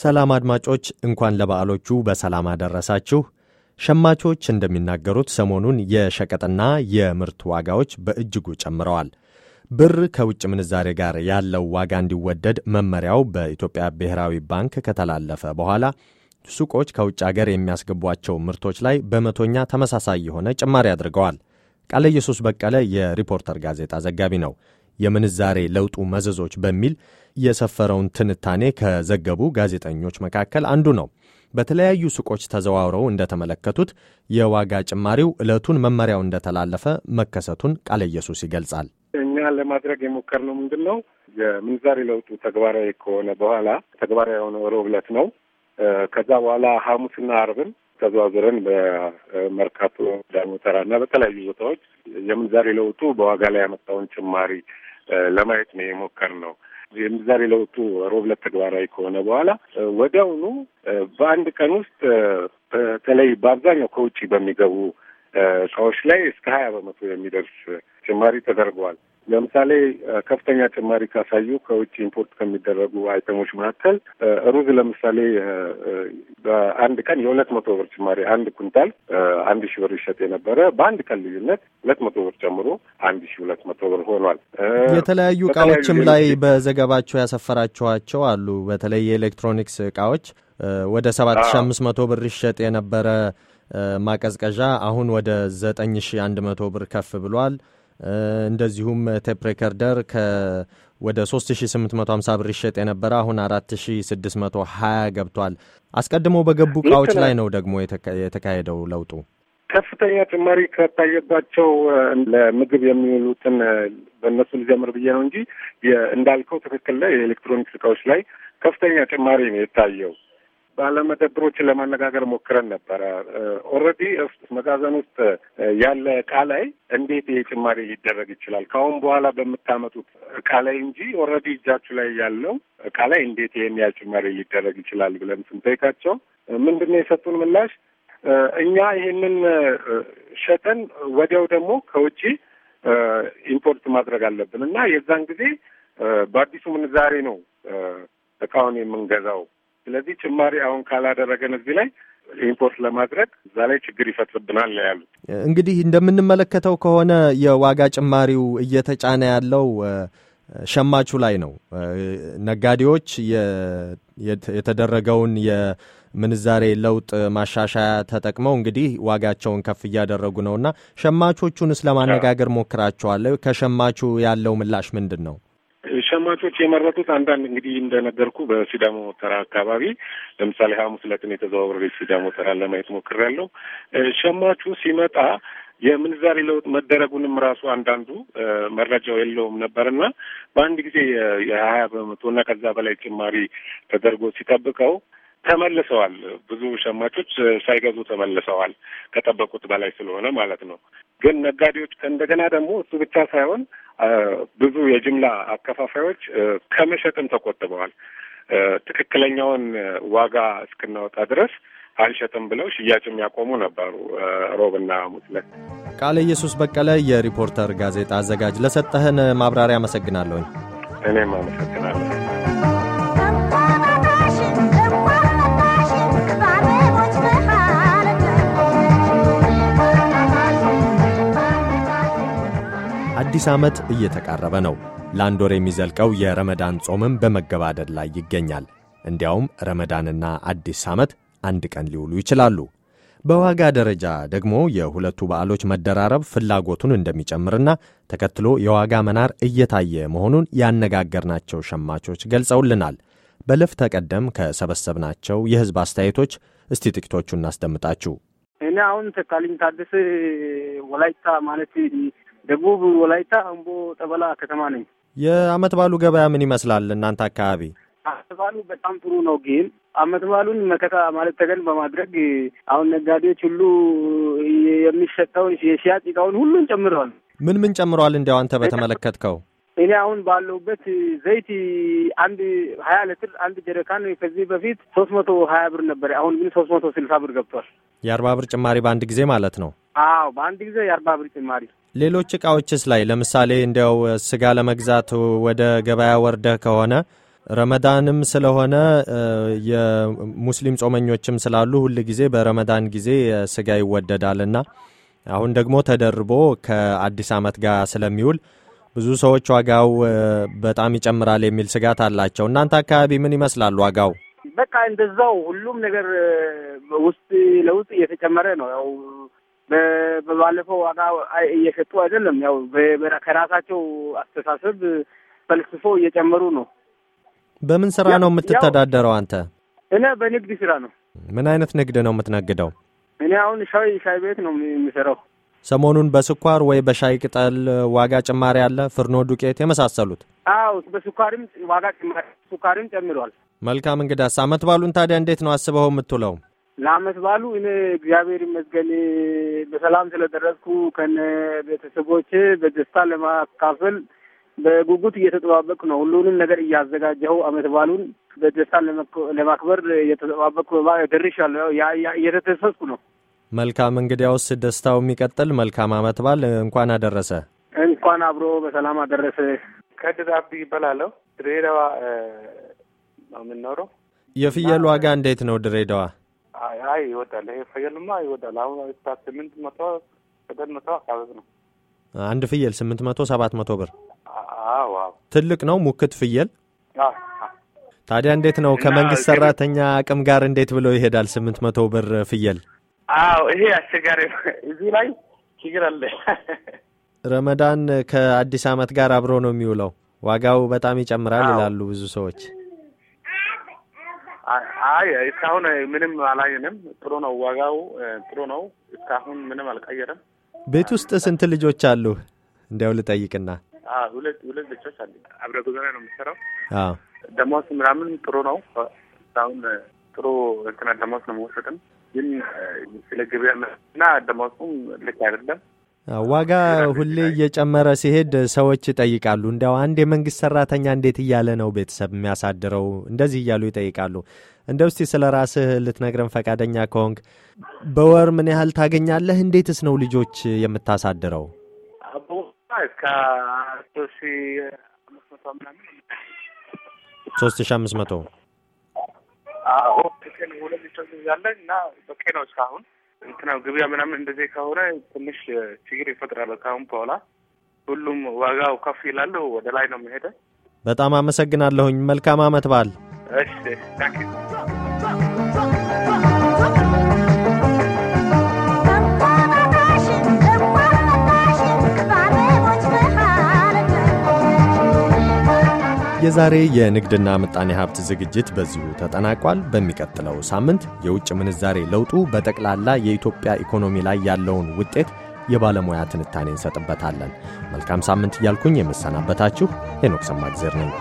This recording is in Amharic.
ሰላም አድማጮች፣ እንኳን ለበዓሎቹ በሰላም አደረሳችሁ። ሸማቾች እንደሚናገሩት ሰሞኑን የሸቀጥና የምርት ዋጋዎች በእጅጉ ጨምረዋል። ብር ከውጭ ምንዛሬ ጋር ያለው ዋጋ እንዲወደድ መመሪያው በኢትዮጵያ ብሔራዊ ባንክ ከተላለፈ በኋላ ሱቆች ከውጭ አገር የሚያስገቧቸው ምርቶች ላይ በመቶኛ ተመሳሳይ የሆነ ጭማሪ አድርገዋል። ቃለ ኢየሱስ በቀለ የሪፖርተር ጋዜጣ ዘጋቢ ነው። የምንዛሬ ለውጡ መዘዞች በሚል የሰፈረውን ትንታኔ ከዘገቡ ጋዜጠኞች መካከል አንዱ ነው። በተለያዩ ሱቆች ተዘዋውረው እንደተመለከቱት የዋጋ ጭማሪው ዕለቱን መመሪያው እንደተላለፈ መከሰቱን ቃለ ኢየሱስ ይገልጻል። እኛ ለማድረግ የሞከርነው ምንድን ነው? የምንዛሬ ለውጡ ተግባራዊ ከሆነ በኋላ ተግባራዊ የሆነው ሮብ ዕለት ነው። ከዛ በኋላ ሐሙስና አርብን ተዘዋዝረን በመርካቶ፣ ዳሞተራ እና በተለያዩ ቦታዎች የምንዛሬ ለውጡ በዋጋ ላይ ያመጣውን ጭማሪ ለማየት ነው የሞከር ነው። የምዛሬ ለውጡ ሮብ ተግባራዊ ከሆነ በኋላ ወዲያውኑ በአንድ ቀን ውስጥ በተለይ በአብዛኛው ከውጭ በሚገቡ እቃዎች ላይ እስከ ሀያ በመቶ የሚደርስ ጭማሪ ተደርገዋል። ለምሳሌ ከፍተኛ ጭማሪ ካሳዩ ከውጭ ኢምፖርት ከሚደረጉ አይተሞች መካከል ሩዝ ለምሳሌ በአንድ ቀን የሁለት መቶ ብር ጭማሪ አንድ ኩንታል አንድ ሺ ብር ይሸጥ የነበረ በአንድ ቀን ልዩነት ሁለት መቶ ብር ጨምሮ አንድ ሺ ሁለት መቶ ብር ሆኗል። የተለያዩ እቃዎችም ላይ በዘገባቸው ያሰፈራችኋቸው አሉ። በተለይ የኤሌክትሮኒክስ እቃዎች ወደ ሰባት ሺ አምስት መቶ ብር ይሸጥ የነበረ ማቀዝቀዣ አሁን ወደ ዘጠኝ ሺ አንድ መቶ ብር ከፍ ብሏል። እንደዚሁም ቴፕ ሬከርደር ወደ 3850 ብር ይሸጥ የነበረ አሁን 4620 ገብቷል። አስቀድሞ በገቡ እቃዎች ላይ ነው ደግሞ የተካሄደው ለውጡ። ከፍተኛ ጭማሪ ከታየባቸው ለምግብ የሚውሉትን በእነሱ ሊጀምር ብዬ ነው እንጂ እንዳልከው ትክክል ላይ የኤሌክትሮኒክስ እቃዎች ላይ ከፍተኛ ጭማሪ ነው የታየው። ባለመደብሮች ለማነጋገር ሞክረን ነበረ። ኦልሬዲ መጋዘን ውስጥ ያለ እቃ ላይ እንዴት ይሄ ጭማሪ ሊደረግ ይችላል? ከአሁን በኋላ በምታመጡት እቃ ላይ እንጂ ኦልሬዲ እጃችሁ ላይ ያለው እቃ ላይ እንዴት ይሄን ያህል ጭማሪ ሊደረግ ይችላል ብለን ስንጠይቃቸው ምንድን ነው የሰጡን ምላሽ? እኛ ይህንን ሸጠን ወዲያው ደግሞ ከውጪ ኢምፖርት ማድረግ አለብን እና የዛን ጊዜ በአዲሱ ምንዛሬ ነው እቃውን የምንገዛው ስለዚህ ጭማሪ አሁን ካላደረገን እዚህ ላይ ኢምፖርት ለማድረግ እዛ ላይ ችግር ይፈጥርብናል ያሉት። እንግዲህ እንደምንመለከተው ከሆነ የዋጋ ጭማሪው እየተጫነ ያለው ሸማቹ ላይ ነው። ነጋዴዎች የተደረገውን የምንዛሬ ለውጥ ማሻሻያ ተጠቅመው እንግዲህ ዋጋቸውን ከፍ እያደረጉ እና ሸማቾቹንስ ለማነጋገር ሞክራቸዋለሁ። ከሸማቹ ያለው ምላሽ ምንድን ነው? ሸማቾች የመረጡት አንዳንድ እንግዲህ እንደነገርኩ በሲዳሞ ተራ አካባቢ ለምሳሌ ሐሙስ ዕለትን የተዘዋወረ ሲዳሞ ተራ ለማየት ሞክሬያለሁ። ሸማቹ ሲመጣ የምንዛሬ ለውጥ መደረጉንም ራሱ አንዳንዱ መረጃው የለውም ነበርና በአንድ ጊዜ የሀያ በመቶና ከዛ በላይ ጭማሪ ተደርጎ ሲጠብቀው ተመልሰዋል። ብዙ ሸማቾች ሳይገዙ ተመልሰዋል፣ ከጠበቁት በላይ ስለሆነ ማለት ነው። ግን ነጋዴዎች እንደገና ደግሞ እሱ ብቻ ሳይሆን ብዙ የጅምላ አከፋፋዮች ከመሸጥም ተቆጥበዋል። ትክክለኛውን ዋጋ እስክናወጣ ድረስ አልሸጥም ብለው ሽያጭ የሚያቆሙ ነበሩ። ሮብና ሐሙስ ቃለ ኢየሱስ በቀለ የሪፖርተር ጋዜጣ አዘጋጅ፣ ለሰጠህን ማብራሪያ አመሰግናለሁኝ። እኔም አመሰግናለሁ። አዲስ ዓመት እየተቃረበ ነው። ለአንድ ወር የሚዘልቀው የረመዳን ጾምም በመገባደድ ላይ ይገኛል። እንዲያውም ረመዳንና አዲስ ዓመት አንድ ቀን ሊውሉ ይችላሉ። በዋጋ ደረጃ ደግሞ የሁለቱ በዓሎች መደራረብ ፍላጎቱን እንደሚጨምርና ተከትሎ የዋጋ መናር እየታየ መሆኑን ያነጋገርናቸው ሸማቾች ገልጸውልናል። በለፍ ተቀደም ከሰበሰብናቸው የሕዝብ አስተያየቶች እስቲ ጥቂቶቹ እናስደምጣችሁ። እኔ አሁን ተካልኝ ታደሰ ወላይታ ማለት ደቡብ ወላይታ አምቦ ጠበላ ከተማ ነኝ። የአመት ባሉ ገበያ ምን ይመስላል እናንተ አካባቢ? አመት ባሉ በጣም ጥሩ ነው፣ ግን አመት ባሉን መከታ ማለት ተገን በማድረግ አሁን ነጋዴዎች ሁሉ የሚሸጠውን የሽያጭ እቃውን ሁሉን ጨምረዋል። ምን ምን ጨምረዋል? እንዲያው አንተ በተመለከትከው እኔ አሁን ባለሁበት ዘይት አንድ ሀያ ሊትር አንድ ጀረካን ከዚህ በፊት ሶስት መቶ ሀያ ብር ነበር። አሁን ግን ሶስት መቶ ስልሳ ብር ገብቷል። የአርባ ብር ጭማሪ በአንድ ጊዜ ማለት ነው? አዎ፣ በአንድ ጊዜ የአርባ ብር ጭማሪ ሌሎች እቃዎችስ ላይ ለምሳሌ እንዲያው ስጋ ለመግዛት ወደ ገበያ ወርደህ ከሆነ ረመዳንም ስለሆነ የሙስሊም ጾመኞችም ስላሉ ሁል ጊዜ በረመዳን ጊዜ ስጋ ይወደዳልና አሁን ደግሞ ተደርቦ ከአዲስ ዓመት ጋር ስለሚውል ብዙ ሰዎች ዋጋው በጣም ይጨምራል የሚል ስጋት አላቸው። እናንተ አካባቢ ምን ይመስላል ዋጋው? በቃ እንደዛው ሁሉም ነገር ውስጥ ለውስጥ እየተጨመረ ነው። ያው በባለፈው ዋጋ እየሸጡ አይደለም። ያው ከራሳቸው አስተሳሰብ ፈልስፎ እየጨመሩ ነው። በምን ስራ ነው የምትተዳደረው አንተ? እኔ በንግድ ስራ ነው። ምን አይነት ንግድ ነው የምትነግደው? እኔ አሁን ሻይ ሻይ ቤት ነው የሚሰራው። ሰሞኑን በስኳር ወይ በሻይ ቅጠል ዋጋ ጭማሪ አለ፣ ፍርኖ ዱቄት የመሳሰሉት። አዎ በስኳርም ዋጋ ጭማሪ፣ ስኳርም ጨምሯል። መልካም እንግዳስ፣ አመት ባሉን ታዲያ እንዴት ነው አስበው የምትውለው? ለአመት ባሉ እኔ እግዚአብሔር ይመስገን በሰላም ስለደረስኩ ከነ ቤተሰቦች በደስታ ለማካፈል በጉጉት እየተጠባበቅ ነው። ሁሉንም ነገር እያዘጋጀው አመት ባሉን በደስታ ለማክበር እየተጠባበቅ ደርሻለሁ። እየተደሰስኩ ነው። መልካም እንግዲያውስ ደስታው የሚቀጥል መልካም አመት ባል እንኳን አደረሰ። እንኳን አብሮ በሰላም አደረሰ። ከድዛብ ይበላለሁ ድሬዳዋ ነው የምንኖረው። የፍየል ዋጋ እንዴት ነው ድሬዳዋ? አይ ይወጣል። ይሄ ፍየልማ ይወጣል። አሁን ስምንት መቶ ስምንት መቶ አካባቢ ነው አንድ ፍየል ስምንት መቶ ሰባት መቶ ብር። አዎ ትልቅ ነው ሙክት ፍየል። ታዲያ እንዴት ነው ከመንግስት ሰራተኛ አቅም ጋር እንዴት ብሎ ይሄዳል? ስምንት መቶ ብር ፍየል። አዎ ይሄ አስቸጋሪ እዚህ ላይ ችግር አለ። ረመዳን ከአዲስ አመት ጋር አብሮ ነው የሚውለው። ዋጋው በጣም ይጨምራል ይላሉ ብዙ ሰዎች። አይ እስካሁን ምንም አላየንም። ጥሩ ነው፣ ዋጋው ጥሩ ነው። እስካሁን ምንም አልቀየረም። ቤት ውስጥ ስንት ልጆች አሉ? እንዲያው ልጠይቅና። ሁለት ሁለት ልጆች አሉ። አብረ ጎዘና ነው የሚሰራው። ደሞስ ምናምን ጥሩ ነው። እስካሁን ጥሩ እንትና ደሞስ ነው መወሰድም፣ ግን ስለ ግብያ እና ደሞዙም ልክ አይደለም። ዋጋ ሁሌ እየጨመረ ሲሄድ ሰዎች ይጠይቃሉ። እንዲያው አንድ የመንግስት ሰራተኛ እንዴት እያለ ነው ቤተሰብ የሚያሳድረው? እንደዚህ እያሉ ይጠይቃሉ። እንደ ውስቲ ስለ ራስህ ልትነግረን ፈቃደኛ ከሆንክ በወር ምን ያህል ታገኛለህ? እንዴትስ ነው ልጆች የምታሳድረው? ሶስት ሺ አምስት መቶ ሁለት እና በቄ ነው እስካሁን እንትናው ግብያ ምናምን እንደዚህ ከሆነ ትንሽ ችግር ይፈጥራል። ካሁን በኋላ ሁሉም ዋጋው ከፍ ይላሉ፣ ወደ ላይ ነው የሚሄደ። በጣም አመሰግናለሁኝ። መልካም አመት በዓል። እሺ የዛሬ የንግድና ምጣኔ ሀብት ዝግጅት በዚሁ ተጠናቋል። በሚቀጥለው ሳምንት የውጭ ምንዛሬ ለውጡ በጠቅላላ የኢትዮጵያ ኢኮኖሚ ላይ ያለውን ውጤት የባለሙያ ትንታኔ እንሰጥበታለን። መልካም ሳምንት እያልኩኝ የምሰናበታችሁ ሄኖክ ሰማግዜር ነኝ።